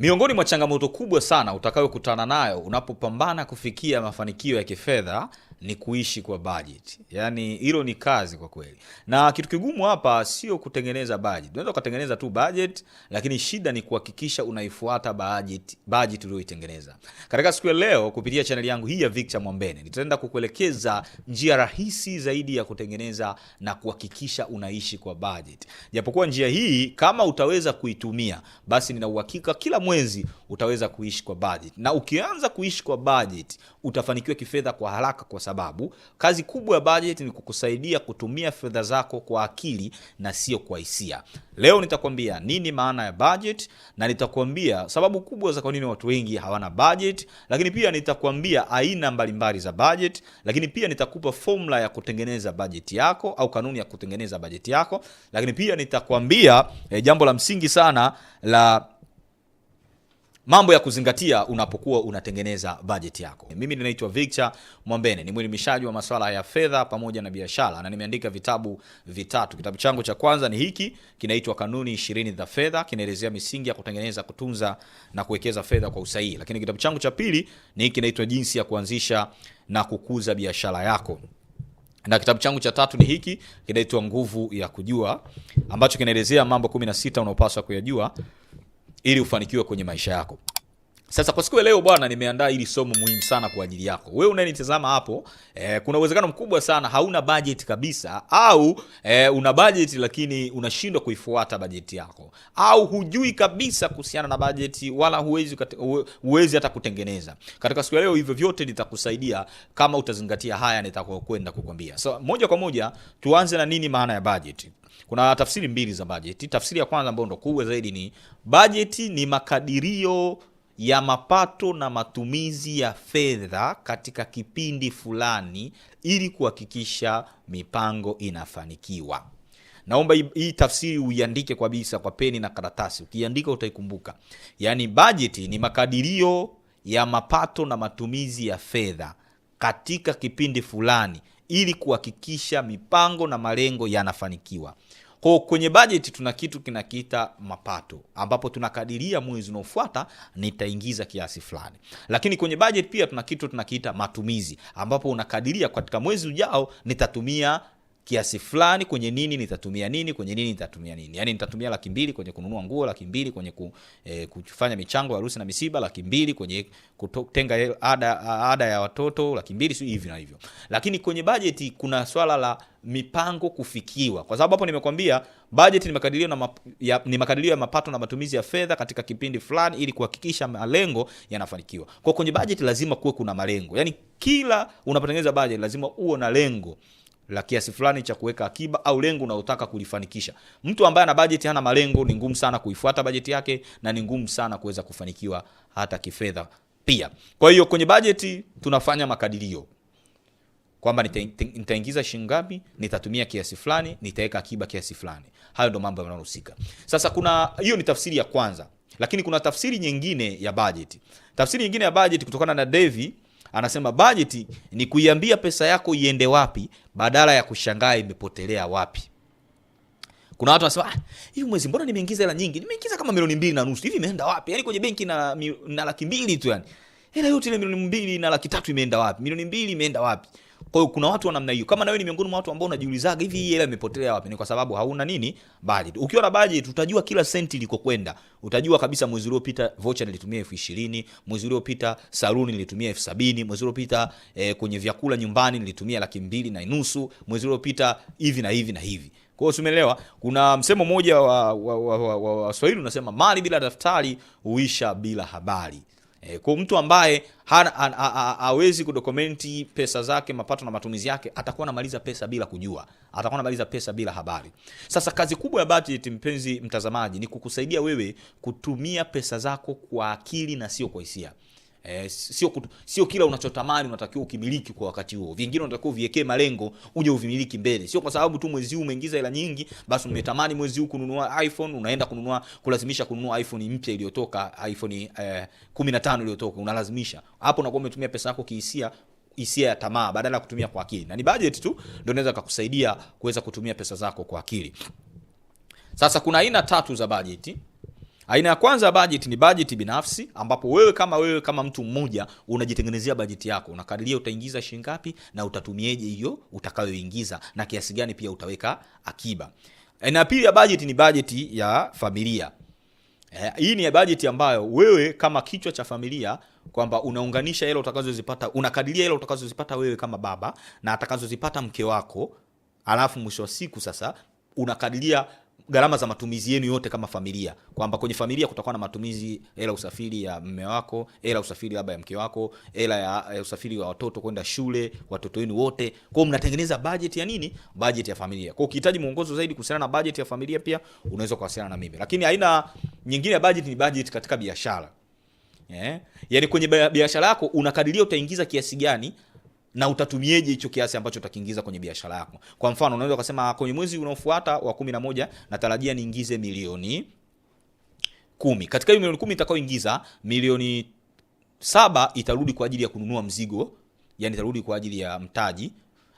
Miongoni mwa changamoto kubwa sana utakayokutana nayo unapopambana kufikia mafanikio ya kifedha ni kuishi kwa budget. yani hilo ni kazi kwa kweli, na kitu kigumu hapa sio kutengeneza budget. Unaweza ukatengeneza tu budget, lakini shida ni kuhakikisha unaifuata budget, budget uliyoitengeneza. Katika siku ya leo, kupitia channel yangu hii ya Victor Mwambene, nitaenda kukuelekeza njia rahisi zaidi ya kutengeneza na kuhakikisha unaishi kwa budget. Japokuwa njia hii kama utaweza kuitumia, basi nina uhakika kila mwezi utaweza kuishi kwa budget, na ukianza kuishi kwa budget utafanikiwa kifedha kwa haraka kwa sababu kazi kubwa ya bajeti ni kukusaidia kutumia fedha zako kwa akili na sio kwa hisia. Leo nitakwambia nini maana ya bajeti na nitakwambia sababu kubwa za kwa nini watu wengi hawana bajeti, lakini pia nitakwambia aina mbalimbali za bajeti, lakini pia nitakupa formula ya kutengeneza bajeti yako au kanuni ya kutengeneza bajeti yako, lakini pia nitakwambia eh, jambo la msingi sana la mambo ya kuzingatia unapokuwa unatengeneza bajeti yako. Mimi ninaitwa Victor Mwambene, ni mwelimishaji wa masuala ya fedha pamoja na biashara, na nimeandika vitabu vitatu. Kitabu changu cha kwanza ni hiki, kinaitwa Kanuni ishirini za Fedha, kinaelezea misingi ya kutengeneza, kutunza na kuwekeza fedha kwa usahihi. Lakini kitabu changu cha pili ni hiki, kinaitwa Jinsi ya kuanzisha na kukuza biashara yako na kitabu changu cha tatu ni hiki kinaitwa Nguvu ya Kujua, ambacho kinaelezea mambo 16 unaopaswa kuyajua ili ufanikiwe kwenye maisha yako. Sasa kwa siku ya leo bwana, nimeandaa ili somo muhimu sana kwa ajili yako wewe unayenitazama hapo. E, kuna uwezekano mkubwa sana hauna bajeti kabisa, au e, una bajeti lakini unashindwa kuifuata bajeti yako, au hujui kabisa kuhusiana na bajeti wala huwezi, huwezi hata kutengeneza. Katika siku ya leo hivyo vyote nitakusaidia kama utazingatia haya nitakokwenda kukwambia. So moja kwa moja tuanze na nini maana ya bajeti. Kuna tafsiri mbili za bajeti. Tafsiri ya kwanza ambayo ndo kubwa zaidi ni bajeti ni makadirio ya mapato na matumizi ya fedha katika kipindi fulani ili kuhakikisha mipango inafanikiwa. Naomba hii tafsiri uiandike kabisa kwa peni na karatasi. Ukiandika utaikumbuka. Yaani, bajeti ni makadirio ya mapato na matumizi ya fedha katika kipindi fulani ili kuhakikisha mipango na malengo yanafanikiwa. Kwa kwenye bajeti tuna kitu kinakiita mapato, ambapo tunakadiria mwezi unaofuata nitaingiza kiasi fulani, lakini kwenye bajeti pia tuna kitu tunakiita matumizi, ambapo unakadiria katika mwezi ujao nitatumia kiasi fulani kwenye nini nitatumia nini kwenye nini nitatumia nini. Yaani nitatumia laki mbili kwenye kununua nguo, laki mbili kwenye ku, eh, kufanya michango ya harusi na misiba, laki mbili kwenye kutenga ada, ada ya watoto laki mbili, si hivi na hivyo. Lakini kwenye bajeti kuna swala la mipango kufikiwa, kwa sababu hapo nimekwambia bajeti ni makadirio, na ni makadirio ya mapato na matumizi ya fedha katika kipindi fulani ili kuhakikisha malengo yanafanikiwa. Kwa kwenye bajeti lazima kuwe kuna malengo, yaani kila unapotengeneza bajeti lazima uwe na lengo la kiasi fulani cha kuweka akiba au lengo unalotaka kulifanikisha. Mtu ambaye ana bajeti hana malengo, ni ngumu sana kuifuata bajeti yake na ni ngumu sana kuweza kufanikiwa hata kifedha pia. Kwa hiyo kwenye bajeti tunafanya makadirio kwamba nitaingiza shilingi ngapi, nitatumia kiasi fulani, nitaweka akiba kiasi fulani. Hayo ndo mambo yanayohusika. Sasa kuna hiyo ni tafsiri ya kwanza, lakini kuna tafsiri nyingine ya bajeti. Tafsiri nyingine ya bajeti kutokana na Devi Anasema bajeti ni kuiambia pesa yako iende wapi badala ya kushangaa imepotelea wapi. Kuna watu wanasema ah, mwezi mbona nimeingiza hela nyingi? Nimeingiza kama milioni mbili na nusu hivi, imeenda wapi? Yani kwenye benki na, na laki mbili tu, yani hela yote ile milioni mbili na laki tatu imeenda wapi? Milioni mbili imeenda wapi? Kwa hiyo kuna watu wa namna hiyo. Kama na wewe ni miongoni mwa watu ambao unajiulizaga hivi hii hela imepotea wapi? Ni kwa sababu hauna nini? Budget. Ukiwa na budget utajua kila senti ilikokwenda. Utajua kabisa mwezi uliopita voucher nilitumia elfu ishirini, mwezi uliopita saluni nilitumia elfu sabini, mwezi uliopita eh, kwenye vyakula nyumbani nilitumia laki mbili na nusu, mwezi uliopita hivi na hivi na hivi. Kwa hiyo kuna msemo mmoja wa Waswahili wa, wa, wa, wa, unasema mali bila daftari huisha bila habari. E, kwa mtu ambaye hawezi kudokumenti pesa zake, mapato na matumizi yake, atakuwa anamaliza pesa bila kujua, atakuwa anamaliza pesa bila habari. Sasa kazi kubwa ya budget, mpenzi mtazamaji, ni kukusaidia wewe kutumia pesa zako kwa akili na sio kwa hisia. Eh, sio kutu, sio kila unachotamani unatakiwa ukimiliki kwa wakati huo. Vingine unatakiwa uviwekee malengo uje uvimiliki mbele. Sio kwa sababu tu mwezi huu umeingiza hela nyingi, basi umetamani mm. mwezi huu kununua iPhone, unaenda kununua kulazimisha kununua iPhone mpya iliyotoka iPhone eh, 15 iliyotoka, unalazimisha. Hapo unakuwa umetumia pesa yako kihisia hisia ya tamaa badala ya kutumia kwa akili. Na ni budget tu ndio inaweza kukusaidia kuweza kutumia pesa zako kwa akili. Sasa kuna aina tatu za bajeti. Aina ya kwanza ya bajeti ni bajeti binafsi, ambapo wewe kama wewe kama mtu mmoja unajitengenezea bajeti yako, unakadiria utaingiza shilingi ngapi na utatumieje hiyo utakayoingiza, na kiasi gani pia utaweka akiba. Aina ya pili ya bajeti ni bajeti ya familia. Eh, hii ni bajeti ambayo wewe kama kichwa cha familia kwamba unaunganisha hela utakazozipata, unakadiria hela utakazozipata wewe kama baba na atakazozipata mke wako, alafu mwisho wa siku sasa unakadiria gharama za matumizi yenu yote kama familia, kwamba kwenye familia kutakuwa na matumizi, hela usafiri ya mme wako, hela usafiri labda ya mke wako, hela ya, ya usafiri wa watoto kwenda shule, watoto wenu wote. kwao mnatengeneza bajet ya nini? bajet ya familia. kwao ukihitaji mwongozo zaidi kuhusiana na bajet ya familia, pia unaweza kuwasiliana na mimi. Lakini aina nyingine ya bajet ni bajet katika biashara. Yeah. Yaani kwenye biashara yako unakadiria utaingiza kiasi gani na utatumieje hicho kiasi ambacho utakiingiza kwenye biashara yako. Kwa mfano, unaweza ukasema ah, kwenye mwezi unaofuata wa kumi na moja natarajia niingize milioni kumi. Katika hiyo milioni kumi itakayoingiza milioni saba itarudi kwa ajili ya kununua mzigo, yani itarudi kwa ajili ya mtaji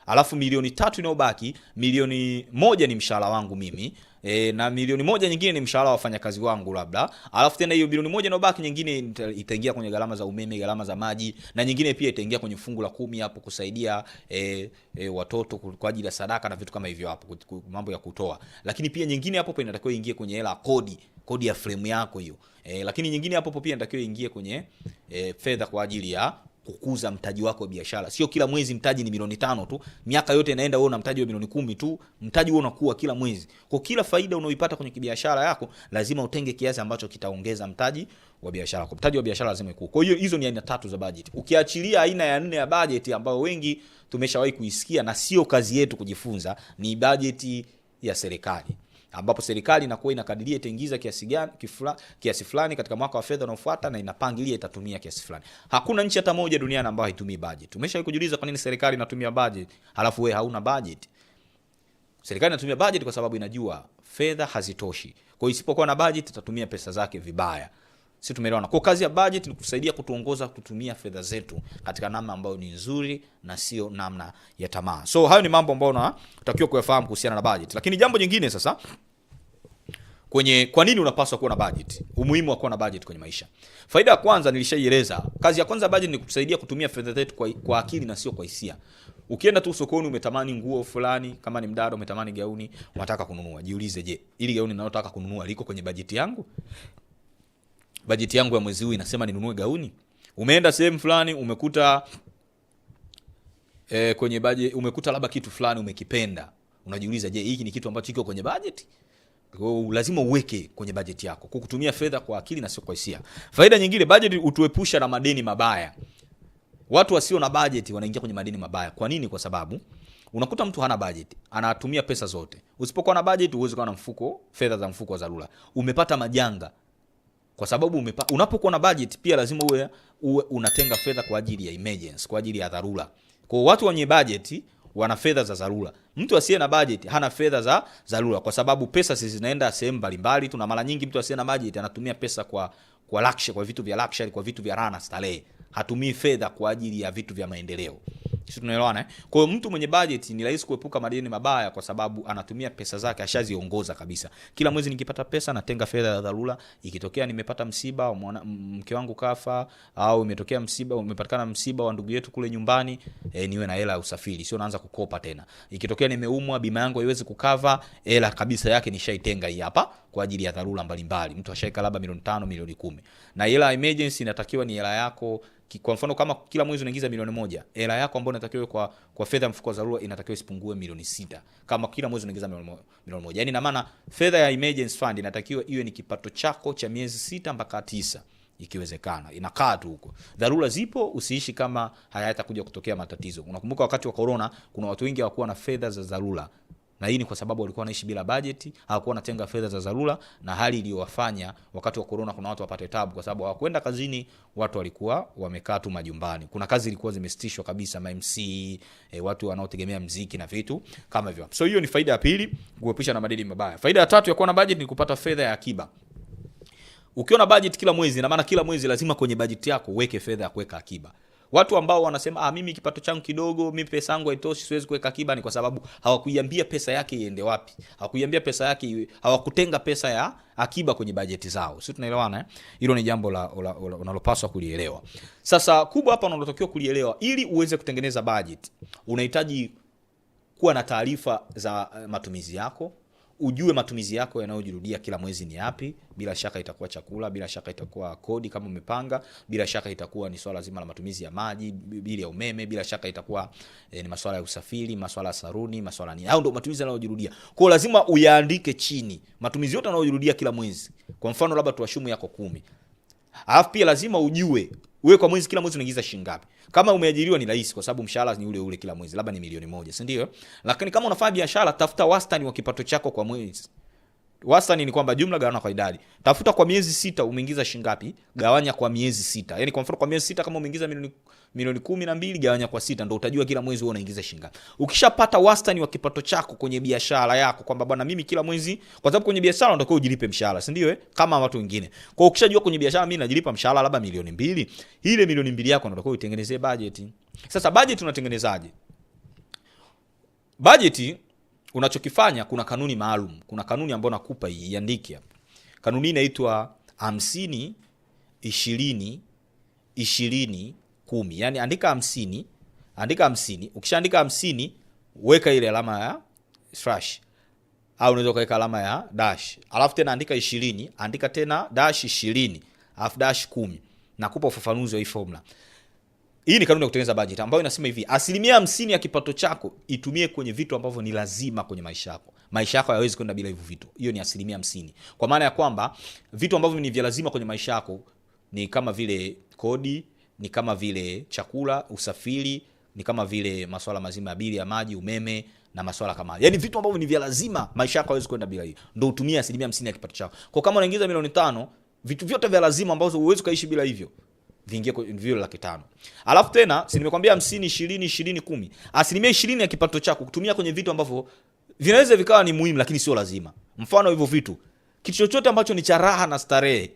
alafu milioni tatu inayobaki, milioni moja ni mshahara wangu mimi, e, na milioni moja nyingine ni mshahara wa wafanyakazi wangu labda, alafu tena hiyo bilioni moja inayobaki nyingine itaingia kwenye gharama za umeme, gharama za maji, na nyingine pia itaingia kwenye fungu la kumi hapo kusaidia e, e, watoto kwa ajili ya sadaka na vitu kama hivyo hapo, mambo ya kutoa. Lakini pia nyingine hapo hapo inatakiwa ingie kwenye hela kodi, kodi ya fremu yako hiyo e, lakini nyingine hapo hapo pia inatakiwa ingie kwenye e, fedha kwa ajili ya kukuza mtaji wako wa biashara. Sio kila mwezi mtaji ni milioni tano tu, miaka yote inaenda wewe una mtaji wa milioni kumi tu, mtaji huo unakuwa kila mwezi. Kwa kila faida unaoipata kwenye biashara yako lazima utenge kiasi ambacho kitaongeza mtaji wa biashara. Kwa mtaji wa biashara lazima ikue. Kwa hiyo hizo ni aina tatu za budget. Ukiachilia aina ya nne ya budget ambayo wengi tumeshawahi kuisikia na sio kazi yetu kujifunza, ni budget ya serikali ambapo serikali inakuwa inakadiria itaingiza kiasi gani kiasi fulani katika mwaka wa fedha unaofuata na inapangilia itatumia kiasi fulani. Hakuna nchi hata moja duniani ambayo haitumii budget. Umeshawahi kujiuliza kwa nini serikali inatumia budget halafu wewe hauna budget? Serikali inatumia budget kwa sababu inajua fedha hazitoshi. Kwa hiyo isipokuwa na budget itatumia pesa zake vibaya si tumeelewana? Kwa kazi ya budget ni kusaidia kutuongoza kutumia fedha zetu katika namna ambayo ni nzuri na sio namna ya tamaa. So hayo ni mambo ambayo unatakiwa kuyafahamu kuhusiana na budget. Lakini jambo jingine sasa kwenye kwa nini unapaswa kuwa na budget, umuhimu wa kuwa na budget kwenye maisha. Faida ya kwanza nilishaieleza. Kazi ya kwanza budget ni kutusaidia kutumia fedha zetu kwa, kwa akili na sio kwa hisia. Ukienda tu sokoni umetamani nguo fulani, kama ni mdada umetamani gauni, unataka kununua. Jiulize, je, ili gauni ninalotaka kununua liko kwenye bajeti yangu? bajeti yangu ya mwezi huu inasema ninunue gauni. Umeenda sehemu fulani umekuta e, kwenye baje, umekuta labda kitu fulani umekipenda, unajiuliza, je, hiki ni kitu ambacho kiko kwenye bajeti? Lazima uweke kwenye bajeti yako, kukutumia fedha kwa akili na sio kwa hisia. Faida nyingine, bajeti utuepusha na madeni mabaya. Watu wasio na bajeti wanaingia kwenye madeni mabaya. Kwa nini? Kwa sababu unakuta mtu hana bajeti, anatumia pesa zote. Usipokuwa na bajeti, huwezi kuwa na mfuko, fedha za mfuko wa dharura, umepata majanga kwa sababu unapokuwa na budget pia lazima uwe, uwe unatenga fedha kwa ajili ya emergency, kwa ajili ya dharura. Kwa watu wenye budget wana fedha za dharura. Mtu asiye na budget hana fedha za dharura, kwa sababu pesa si zinaenda sehemu mbalimbali tu, na mara nyingi mtu asiye na budget anatumia pesa kwa kwa luxury, kwa vitu vya luxury, kwa vitu vya raha na starehe, hatumii fedha kwa ajili ya vitu vya maendeleo. Sisi tunaelewana eh? Kwa hiyo mtu mwenye budget ni rahisi kuepuka madeni mabaya kwa sababu anatumia pesa zake ashaziongoza kabisa. Kila mwezi nikipata pesa natenga fedha ya dharura. Ikitokea nimepata msiba, mwana, mke wangu kafa au imetokea msiba, umepatikana msiba wa ndugu yetu kule nyumbani, eh, niwe na hela ya usafiri, sio naanza kukopa tena. Ikitokea nimeumwa, bima yangu haiwezi kukava, hela kabisa yake nishaitenga hii hapa kwa ajili ya dharura mbalimbali. Mtu ashaika labda milioni tano, milioni kumi. Na hela emergency inatakiwa ni hela yako kwa mfano kama kila mwezi unaingiza milioni moja, hela yako ambayo inatakiwa kwa kwa fedha ya mfuko wa dharura inatakiwa isipungue milioni sita kama kila mwezi unaingiza milioni moja. Yaani na maana fedha ya emergency fund inatakiwa iwe ni kipato chako cha miezi sita mpaka tisa ikiwezekana inakaa tu huko. Dharura zipo, usiishi kama hayatakuja kutokea matatizo. Unakumbuka wakati wa corona, kuna watu wengi hawakuwa na fedha za dharura na hii ni kwa sababu walikuwa wanaishi bila bajeti, hawakuwa wanatenga fedha za dharura, na hali iliyowafanya wakati wa korona, kuna watu wapate tabu, kwa sababu hawakwenda kazini, watu walikuwa wamekaa tu majumbani. Kuna kazi ilikuwa zimesitishwa kabisa, mmc e, watu wanaotegemea mziki na vitu kama hivyo. So hiyo ni faida ya pili, kuepusha na madili mabaya. Faida ya tatu ya kuwa na bajeti ni kupata fedha ya akiba. Ukiwa na bajeti kila mwezi, ina maana kila mwezi lazima kwenye bajeti yako uweke fedha ya kuweka akiba. Watu ambao wanasema ah, mimi kipato changu kidogo, mimi pesa yangu haitoshi, siwezi kuweka akiba, ni kwa sababu hawakuiambia pesa yake iende wapi, hawakuiambia pesa yake, hawakutenga pesa ya akiba kwenye bajeti zao. si tunaelewana eh? Hilo ni jambo la unalopaswa kulielewa. Sasa kubwa hapa unalotakiwa kulielewa, ili uweze kutengeneza bajeti unahitaji kuwa na taarifa za eh, matumizi yako ujue matumizi yako yanayojirudia kila mwezi ni yapi. Bila shaka itakuwa chakula, bila shaka itakuwa kodi kama umepanga, bila shaka itakuwa ni swala zima la matumizi ya maji, bili ya umeme, bila shaka itakuwa eh, ni masuala ya usafiri, masuala ya saruni, masuala ni hayo, ndio matumizi yanayojirudia. Kwa lazima uyaandike chini matumizi yote yanayojirudia kila mwezi. Kwa mfano labda tuashumu yako kumi, alafu pia lazima ujue uwe kwa mwezi kila mwezi unaingiza shilingi ngapi? Kama umeajiriwa ni rahisi kwa sababu mshahara ni ule ule kila mwezi, labda ni milioni moja, si Lakini kama unafanya biashara, tafuta wastani wa kipato chako kwa mwezi wastani ni kwamba jumla gawana kwa idadi. Tafuta kwa miezi sita umeingiza shingapi, gawanya kwa miezi sita. Yani kwa mfano kwa miezi sita kama umeingiza milioni milioni kumi na mbili gawanya kwa sita, ndo utajua kila mwezi wewe unaingiza shingapi. Ukishapata wastani wa kipato chako kwenye biashara yako, kwamba bwana, mimi kila mwezi, kwa sababu kwenye biashara unatakiwa ujilipe mshahara, si ndio? Eh, kama watu wengine. Kwa hiyo ukishajua kwenye biashara mimi najilipa mshahara labda milioni mbili, ile milioni mbili yako unatakiwa uitengenezee bajeti. Sasa bajeti unatengenezaje? Bajeti unachokifanya kuna kanuni maalum, kuna kanuni ambayo nakupa hii, iandike hapa. Kanuni hii inaitwa hamsini ishirini ishirini kumi, yaani andika hamsini, andika hamsini. Ukishaandika hamsini, weka ile alama ya slash au unaweza ukaweka alama ya dash, alafu tena andika ishirini, andika tena dash ishirini, alafu dash kumi. Nakupa ufafanuzi wa hii formula. Hii ni kanuni ya kutengeneza bajeti ambayo inasema hivi, asilimia hamsini ya kipato chako itumie kwenye vitu ambavyo ni lazima kwenye maisha yako. Maisha yako hayawezi kwenda bila hivyo vitu. Hiyo ni asilimia hamsini, kwa maana ya kwamba vitu ambavyo ni vya lazima kwenye maisha yako ni kama vile kodi, ni kama vile chakula, usafiri, ni kama vile maswala mazima ya bili ya maji, umeme na maswala kama hayo. Yaani vitu ambavyo ni vya lazima, maisha yako hayawezi kwenda bila hiyo. ndo utumie asilimia hamsini ya kipato chako. Kwa kama unaingiza milioni tano, vitu vyote vya lazima ambazo huwezi ukaishi bila hivyo viingie kwenye laki tano. Alafu tena si nimekwambia 50 20 20 10. Asilimia 20 ya kipato chako kutumia kwenye vitu ambavyo vinaweza vikawa ni muhimu lakini sio lazima. Mfano hivyo vitu, kitu chochote ambacho ni cha raha na starehe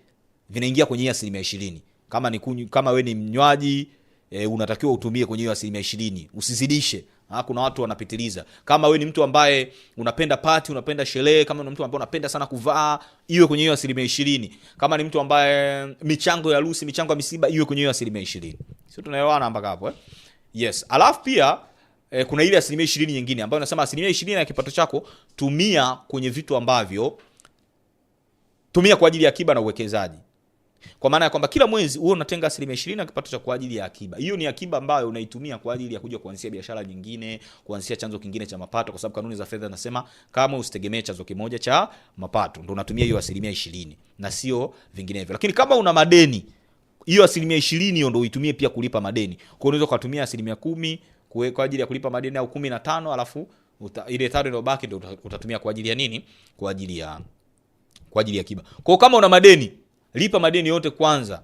vinaingia kwenye hiyo asilimia 20. Kama ni kunyu, kama we ni mnywaji e, unatakiwa utumie kwenye hiyo asilimia 20, usizidishe. Ha, ah, kuna watu wanapitiliza. Kama we ni mtu ambaye unapenda pati, unapenda sherehe, kama ni mtu ambaye unapenda sana kuvaa, iwe kwenye hiyo asilimia ishirini. Kama ni mtu ambaye michango ya harusi, michango ya misiba, iwe kwenye hiyo asilimia ishirini. Sio tunaelewana mpaka hapo eh? Yes. Alafu pia eh, kuna ile asilimia ishirini nyingine ambayo nasema asilimia ishirini ya kipato chako tumia kwenye vitu ambavyo tumia kwa ajili ya akiba na uwekezaji. Kwa maana ya kwamba kila mwezi wewe unatenga asilimia ishirini ya kipato cha kwa ajili ya akiba. Hiyo ni akiba ambayo unaitumia kwa ajili ya kuja kuanzia biashara nyingine, kuanzia chanzo kingine cha mapato, kwa sababu kanuni za fedha zinasema kama usitegemee chanzo kimoja cha mapato, ndio unatumia hiyo asilimia ishirini na sio vinginevyo. Lakini kama una madeni, hiyo asilimia ishirini hiyo ndio uitumie pia kulipa madeni. Kwa hiyo unaweza ukatumia asilimia kumi kwa ajili ya kulipa madeni au kumi na tano alafu uta, ile tano inayobaki ndio utatumia kwa ajili ya nini? Kwa ajili ya kwa ajili ya kiba Kwa kama una madeni lipa madeni yote kwanza,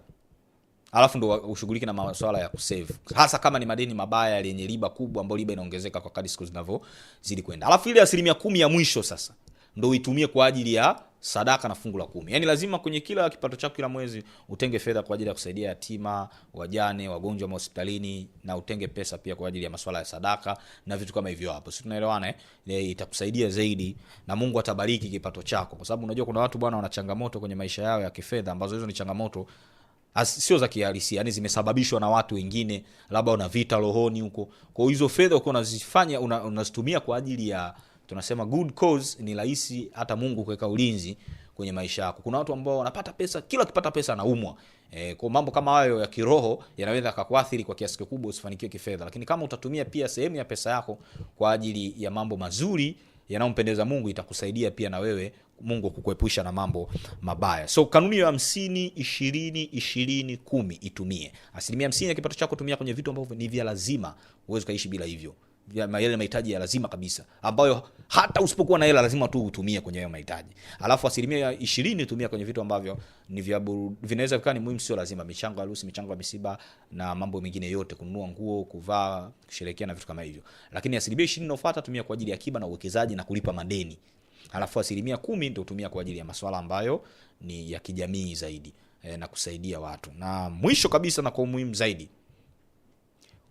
alafu ndo ushughulike na masuala ya kusave, hasa kama ni madeni mabaya yenye riba kubwa, ambayo riba inaongezeka kwa kadi siku zinavyozidi kwenda. Alafu ile asilimia kumi ya mwisho sasa ndo uitumie kwa ajili ya sadaka na fungu la kumi. Yaani lazima kwenye kila kipato chako kila mwezi utenge fedha kwa ajili ya kusaidia yatima, wajane, wagonjwa mahospitalini na utenge pesa pia kwa ajili ya masuala ya sadaka na vitu kama hivyo hapo. si tunaelewana eh? Itakusaidia zaidi na Mungu atabariki kipato chako. Kwa sababu unajua kuna watu bwana wana changamoto kwenye maisha yao ya kifedha ambazo hizo ni changamoto sio za kihalisia, yani zimesababishwa na watu wengine, labda una vita rohoni huko. Kwa hizo fedha uko unazifanya unazitumia una kwa ajili ya tunasema good cause ni rahisi hata Mungu kuweka ulinzi kwenye maisha yako. Kuna watu ambao wanapata pesa, kila akipata pesa anaumwa. E, kwa mambo kama hayo ya kiroho yanaweza kukuathiri kwa kiasi kikubwa usifanikiwe kifedha, lakini kama utatumia pia sehemu ya pesa yako kwa ajili ya mambo mazuri yanayompendeza Mungu, itakusaidia pia na wewe Mungu kukuepusha na mambo mabaya. So kanuni ya hamsini ishirini ishirini kumi itumie. Asilimia hamsini ya kipato chako tumia kwenye vitu ambavyo ni vya lazima, huwezi ukaishi bila hivyo yale mahitaji ya lazima kabisa ambayo hata usipokuwa na hela lazima tu utumie kwenye hayo mahitaji, alafu asilimia ya ishirini tumia kwenye vitu ambavyo ni vinaweza kukaa ni muhimu, sio lazima, michango ya harusi, michango ya misiba na mambo mengine yote, kununua nguo, kuvaa, kusherekea na vitu kama hivyo. Lakini asilimia ishirini inaofata tumia kwa ajili ya akiba na uwekezaji na kulipa madeni, alafu asilimia kumi ndo tumia kwa ajili ya masuala ambayo ni ya kijamii zaidi eh, na kusaidia watu, na mwisho kabisa na kwa umuhimu zaidi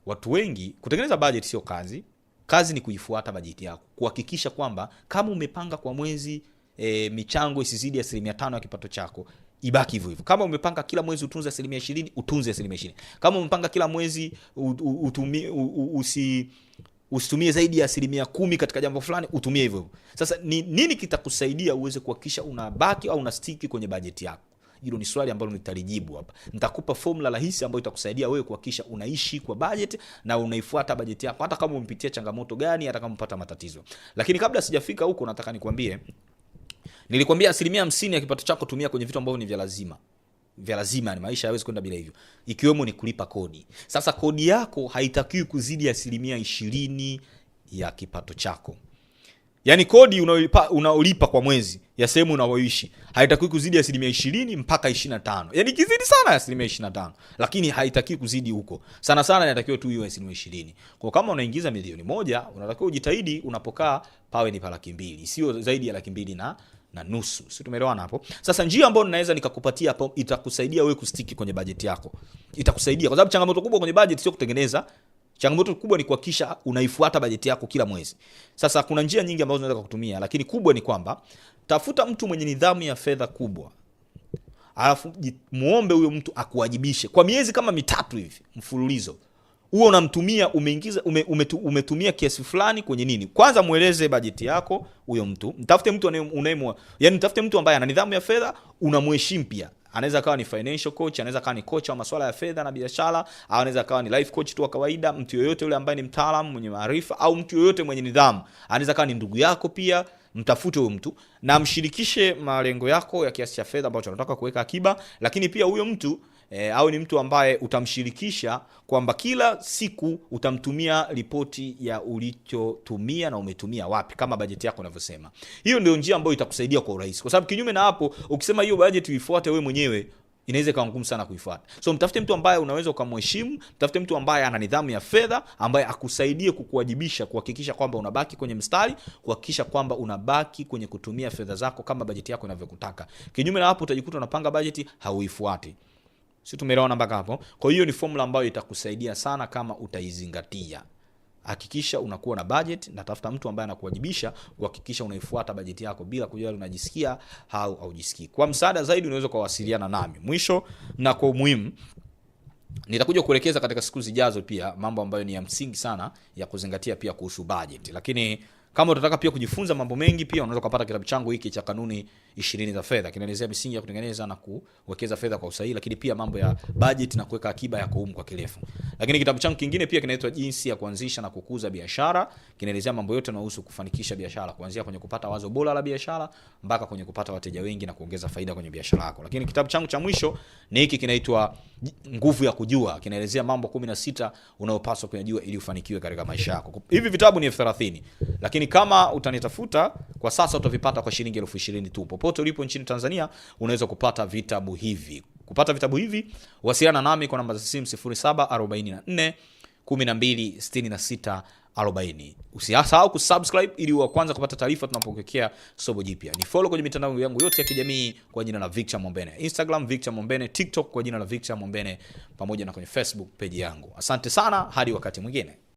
watu wengi, kutengeneza bajeti sio kazi. Kazi ni kuifuata bajeti yako, kuhakikisha kwamba kama umepanga kwa mwezi e, michango isizidi asilimia tano ya kipato chako ibaki hivyo hivyo. Kama umepanga kila mwezi utunze asilimia ishirini, utunze asilimia ishirini. Kama umepanga kila mwezi usi usitumie zaidi ya asilimia kumi katika jambo fulani, utumie hivyo hivyo. Sasa ni nini kitakusaidia uweze kuhakikisha unabaki au unastiki kwenye bajeti yako? Hilo ni swali ambalo nitalijibu hapa. Nitakupa formula rahisi ambayo itakusaidia wewe kuhakikisha unaishi kwa budget na unaifuata budget yako hata kama umpitia changamoto gani, hata kama umepata matatizo. Lakini kabla sijafika huko, nataka nikwambie, nilikwambia asilimia hamsini ya kipato chako tumia kwenye vitu ambavyo ni vya lazima vya lazima, ni maisha hayawezi kwenda bila hivyo, ikiwemo ni kulipa kodi. Sasa kodi yako haitakiwi kuzidi asilimia ishirini ya kipato chako. Yaani kodi unaolipa, unaolipa kwa mwezi ya sehemu unaoishi haitakiwi kuzidi asilimia ishirini mpaka ishirini tano yaani kizidi sana asilimia ishirini tano lakini haitakiwi kuzidi huko sana sana, inatakiwa tu iwe asilimia ishirini Kwa kama unaingiza milioni moja unatakiwa ujitahidi unapokaa pawe ni pa laki mbili sio zaidi ya laki mbili na na nusu, si tumeelewana hapo? Sasa njia ambayo ninaweza nikakupatia hapo itakusaidia wewe kustiki kwenye bajeti yako, itakusaidia kwa sababu changamoto kubwa kwenye bajeti sio kutengeneza Changamoto kubwa ni kuhakikisha unaifuata bajeti yako kila mwezi. Sasa kuna njia nyingi ambazo unaweza kutumia, lakini kubwa ni kwamba tafuta mtu mwenye nidhamu ya fedha kubwa, alafu muombe huyo mtu akuwajibishe kwa miezi kama mitatu hivi mfululizo huo unamtumia umeingiza ume, umetu, umetumia kiasi fulani kwenye nini. Kwanza mweleze bajeti yako huyo mtu, mtafute mtu unayemwa, yani mtafute mtu ambaye ana nidhamu ya fedha, unamheshimu pia anaweza kawa ni financial coach, anaweza kawa ni coach wa masuala ya fedha na biashara, au anaweza kawa ni life coach tu wa kawaida. Mtu yoyote yule ambaye ni mtaalamu mwenye maarifa, au mtu yoyote mwenye nidhamu, anaweza kawa ni ndugu yako pia. Mtafute huyo mtu na mshirikishe malengo yako ya kiasi cha fedha ambacho unataka kuweka akiba, lakini pia huyo mtu e, au ni mtu ambaye utamshirikisha kwamba kila siku utamtumia ripoti ya ulichotumia na umetumia wapi, kama bajeti yako unavyosema. Hiyo ndio njia ambayo itakusaidia kwa urahisi, kwa sababu kinyume na hapo, ukisema hiyo bajeti uifuate wewe mwenyewe inaweza ikawa ngumu sana kuifuata. So mtafute mtu ambaye unaweza ukamheshimu, mtafute mtu ambaye ana nidhamu ya fedha, ambaye akusaidie kukuwajibisha, kuhakikisha kwamba unabaki kwenye mstari, kuhakikisha kwamba unabaki kwenye kutumia fedha zako kama bajeti yako inavyokutaka. Kinyume na hapo, utajikuta unapanga bajeti hauifuati si tumeelewana mpaka hapo? Kwa hiyo ni formula ambayo itakusaidia sana kama utaizingatia. Hakikisha unakuwa na budget na tafuta mtu ambaye anakuwajibisha kuhakikisha unaifuata bajeti yako bila kujali unajisikia au haujisikii. Kwa msaada zaidi unaweza kuwasiliana nami. Mwisho na kwa umuhimu nitakuja kuelekeza katika siku zijazo pia mambo ambayo ni ya msingi sana ya kuzingatia pia kuhusu budget. Lakini kama utataka pia kujifunza mambo mengi pia unaweza kupata kitabu changu hiki cha kanuni ishirini za fedha. Kinaelezea misingi ya kutengeneza na kuwekeza fedha kwa usahihi, lakini pia mambo ya budget na kuweka akiba ya kuumu kwa kirefu. Lakini kitabu changu kingine pia kinaitwa jinsi ya kuanzisha na kukuza biashara. Kinaelezea mambo yote yanayohusu kufanikisha biashara, kuanzia kwenye kupata wazo bora la biashara mpaka kwenye kupata wateja wengi na kuongeza faida kwenye biashara yako. Lakini kitabu changu cha mwisho ni hiki kinaitwa nguvu ya kujua, kinaelezea mambo 16 unayopaswa kuyajua ili ufanikiwe katika maisha yako. Hivi vitabu ni elfu thelathini, lakini kama utanitafuta kwa sasa utavipata kwa shilingi elfu ishirini tu. Popote ulipo nchini Tanzania unaweza kupata vitabu hivi. Kupata vitabu hivi, wasiliana nami kwa namba za simu 0744 1266 40. Usisahau kusubscribe ili wa kwanza kupata taarifa tunapokekea somo jipya. Ni follow kwenye mitandao yangu yote ya kijamii kwa jina la Victor mombene Instagram Victor mombene TikTok kwa jina la Victor mombene pamoja na kwenye Facebook page yangu. Asante sana hadi wakati mwingine.